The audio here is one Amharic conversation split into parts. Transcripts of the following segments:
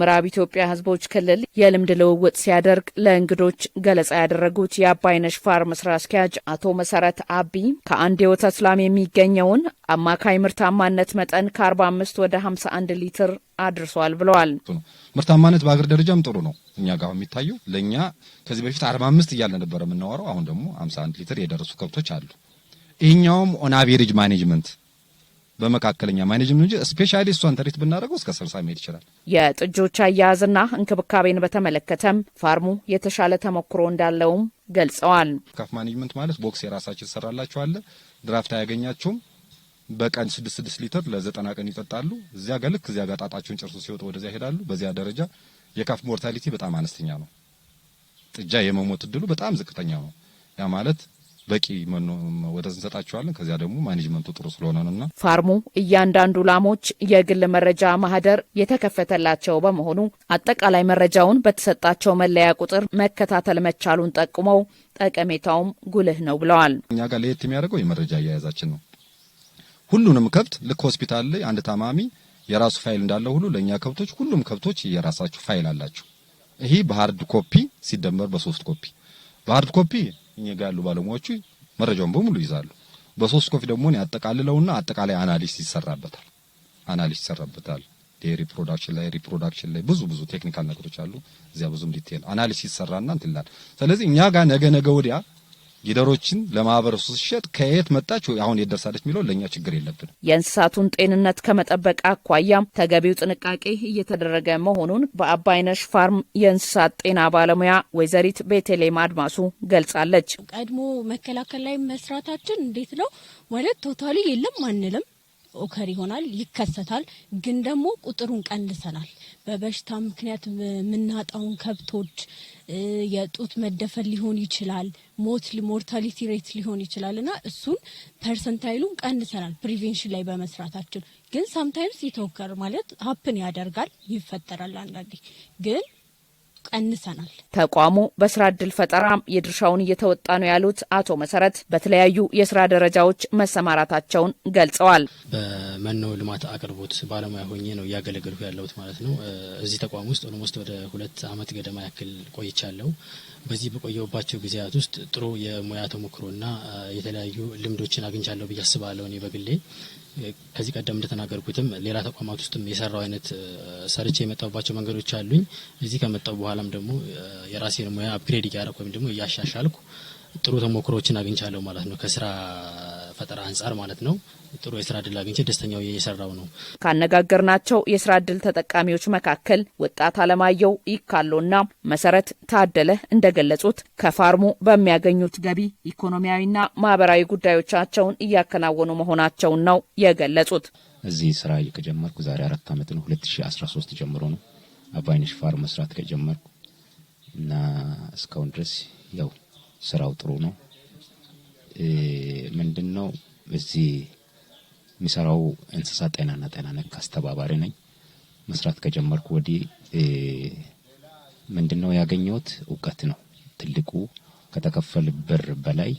ምዕራብ ኢትዮጵያ ህዝቦች ክልል የልምድ ልውውጥ ሲያደርግ ለእንግዶች ገለጻ ያደረጉት የአባይነሽ ፋርም ስራ አስኪያጅ አቶ መሰረት አቢ ከአንድ የወተት ላም የሚገኘውን አማካይ ምርታማነት መጠን ከ45 ወደ 51 ሊትር አድርሷል ብለዋል። ምርታማነት በአገር ደረጃም ጥሩ ነው። እኛ ጋር የሚታየው ለእኛ ከዚህ በፊት 45 እያለ ነበር የምናወራው። አሁን ደግሞ 51 ሊትር የደረሱ ከብቶች አሉ። ይህኛውም ኦን አቬሬጅ ማኔጅመንት በመካከለኛ ማኔጅመንት እንጂ ስፔሻሊ እሷን ትሪት ብናደርገው እስከ ስልሳ መሄድ ይችላል። የጥጆች አያያዝና እንክብካቤን በተመለከተም ፋርሙ የተሻለ ተሞክሮ እንዳለውም ገልጸዋል። ካፍ ማኔጅመንት ማለት ቦክስ የራሳችን ይሰራላቸዋል። ድራፍት አያገኛቸውም። በቀን ስድስት ስድስት ሊትር ለዘጠና ቀን ይጠጣሉ። እዚያ ጋር ልክ እዚያ ጋር ጣጣቸውን ጨርሶ ሲወጡ ወደዚያ ይሄዳሉ። በዚያ ደረጃ የካፍ ሞርታሊቲ በጣም አነስተኛ ነው። ጥጃ የመሞት እድሉ በጣም ዝቅተኛ ነው። ያ ማለት በቂ መኖ ወደዝ እንሰጣቸዋለን። ከዚያ ደግሞ ማኔጅመንቱ ጥሩ ስለሆነ ነውና ፋርሙ እያንዳንዱ ላሞች የግል መረጃ ማህደር የተከፈተላቸው በመሆኑ አጠቃላይ መረጃውን በተሰጣቸው መለያ ቁጥር መከታተል መቻሉን ጠቁመው ጠቀሜታውም ጉልህ ነው ብለዋል። እኛ ጋር ለየት የሚያደርገው የመረጃ አያያዛችን ነው። ሁሉንም ከብት ልክ ሆስፒታል ላይ አንድ ታማሚ የራሱ ፋይል እንዳለው ሁሉ ለእኛ ከብቶች ሁሉም ከብቶች የራሳችሁ ፋይል አላችሁ። ይሄ በሀርድ ኮፒ ሲደመር በሶፍት ኮፒ በሀርድ ኮፒ እኛ ጋር ያሉ ባለሙያዎች መረጃውን በሙሉ ይዛሉ። በሶስት ኮፊ ደግሞ ያጠቃልለውና አጠቃላይ አናሊስ ይሰራበታል። አናሊስ ይሰራበታል። ዴሪ ፕሮዳክሽን ላይ ሪፕሮዳክሽን ላይ ብዙ ብዙ ቴክኒካል ነገሮች አሉ። እዚያ ብዙም ዲቴል አናሊስ ይሰራና እንትላል። ስለዚህ እኛ ጋር ነገ ነገ ወዲያ ጊደሮችን ለማህበረሰቡ ሲሸጥ ከየት መጣች አሁን የት ደርሳለች የሚለው ለእኛ ችግር የለብን። የእንስሳቱን ጤንነት ከመጠበቅ አኳያም ተገቢው ጥንቃቄ እየተደረገ መሆኑን በአባይነሽ ፋርም የእንስሳት ጤና ባለሙያ ወይዘሪት ቤቴሌም አድማሱ ገልጻለች። ቀድሞ መከላከል ላይ መስራታችን እንዴት ነው ማለት ቶታሊ የለም አንልም ኦከር ይሆናል ይከሰታል። ግን ደግሞ ቁጥሩን ቀንሰናል። በበሽታ ምክንያት የምናጣውን ከብቶች የጡት መደፈል ሊሆን ይችላል፣ ሞት ሞርታሊቲ ሬት ሊሆን ይችላል እና እሱን ፐርሰንታይሉን ቀንሰናል ፕሪቬንሽን ላይ በመስራታችን። ግን ሳምታይምስ ይተወከር ማለት ሀፕን ያደርጋል ይፈጠራል አንዳንዴ ግን ቀንሰናል። ተቋሙ በስራ እድል ፈጠራም የድርሻውን እየተወጣ ነው ያሉት አቶ መሰረት በተለያዩ የስራ ደረጃዎች መሰማራታቸውን ገልጸዋል። በመኖ ልማት አቅርቦት ባለሙያ ሆኜ ነው እያገለገልኩ ያለሁት ማለት ነው። እዚህ ተቋም ውስጥ ኦልሞስት ወደ ሁለት አመት ገደማ ያክል ቆይቻለሁ። በዚህ በቆየውባቸው ጊዜያት ውስጥ ጥሩ የሙያ ተሞክሮና የተለያዩ ልምዶችን አግኝቻለሁ ብዬ አስባለሁ እኔ በግሌ ከዚህ ቀደም እንደተናገርኩትም ሌላ ተቋማት ውስጥም የሰራው አይነት ሰርቼ የመጣሁባቸው መንገዶች አሉኝ። እዚህ ከመጣው በኋላም ደግሞ የራሴን ሙያ አፕግሬድ እያደረኩ ወይም ደግሞ እያሻሻልኩ ጥሩ ተሞክሮዎችን አግኝቻለሁ ማለት ነው። ከስራ ፈጠራ አንጻር ማለት ነው። ጥሩ የስራ እድል አግኝቼ ደስተኛው የሰራው ነው። ካነጋገርናቸው የስራ እድል ተጠቃሚዎች መካከል ወጣት አለማየሁ ይካሎና መሰረት ታደለ እንደገለጹት ከፋርሙ በሚያገኙት ገቢ ኢኮኖሚያዊና ማህበራዊ ጉዳዮቻቸውን እያከናወኑ መሆናቸውን ነው የገለጹት። እዚህ ስራ ከጀመርኩ ዛሬ አራት ዓመት ነው። 2013 ጀምሮ ነው አባይነሽ ፋርም መስራት ከጀመርኩ እና እስካሁን ድረስ ያው ስራው ጥሩ ነው። ምንድን ነው እዚህ የሚሰራው እንስሳ ጤናና ጤና ነክ አስተባባሪ ነኝ። መስራት ከጀመርኩ ወዲህ ምንድን ነው ያገኘሁት እውቀት ነው ትልቁ ከተከፈል ብር በላይ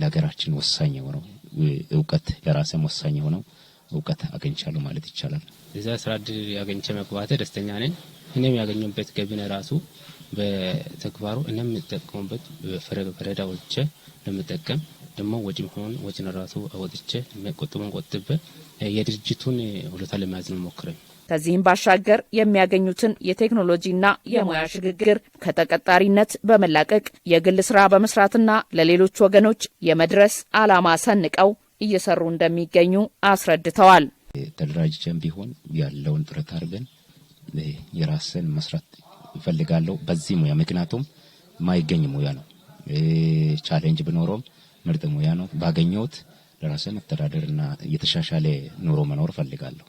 ለሀገራችን ወሳኝ የሆነው እውቀት ለራሴም ወሳኝ የሆነው እውቀት አገኝቻለሁ ማለት ይቻላል። እዛ ስራ እድል አግኝቼ መግባቴ ደስተኛ ነኝ። እኔም ያገኘበት ገቢን ራሱ በተግባሩ እኔም የምጠቀሙበት በፈረዳ ወጥቼ ለምጠቀም ደግሞ ወጪ ሆን ወጪን ራሱ አወጥቼ ቆጥቦን ቆጥበ የድርጅቱን ሁለታ ለመያዝ ነው ሞክረኝ። ከዚህም ባሻገር የሚያገኙትን የቴክኖሎጂና የሙያ ሽግግር ከተቀጣሪነት በመላቀቅ የግል ስራ በመስራትና ለሌሎች ወገኖች የመድረስ አላማ ሰንቀው እየሰሩ እንደሚገኙ አስረድተዋል። ተደራጅተን ቢሆን ያለውን ጥረት አድርገን የራስን መስራት እፈልጋለሁ በዚህ ሙያ። ምክንያቱም የማይገኝ ሙያ ነው። ቻሌንጅ ብኖረውም ምርጥ ሙያ ነው። ባገኘሁት ለራስን መተዳደርና የተሻሻለ ኑሮ መኖር እፈልጋለሁ።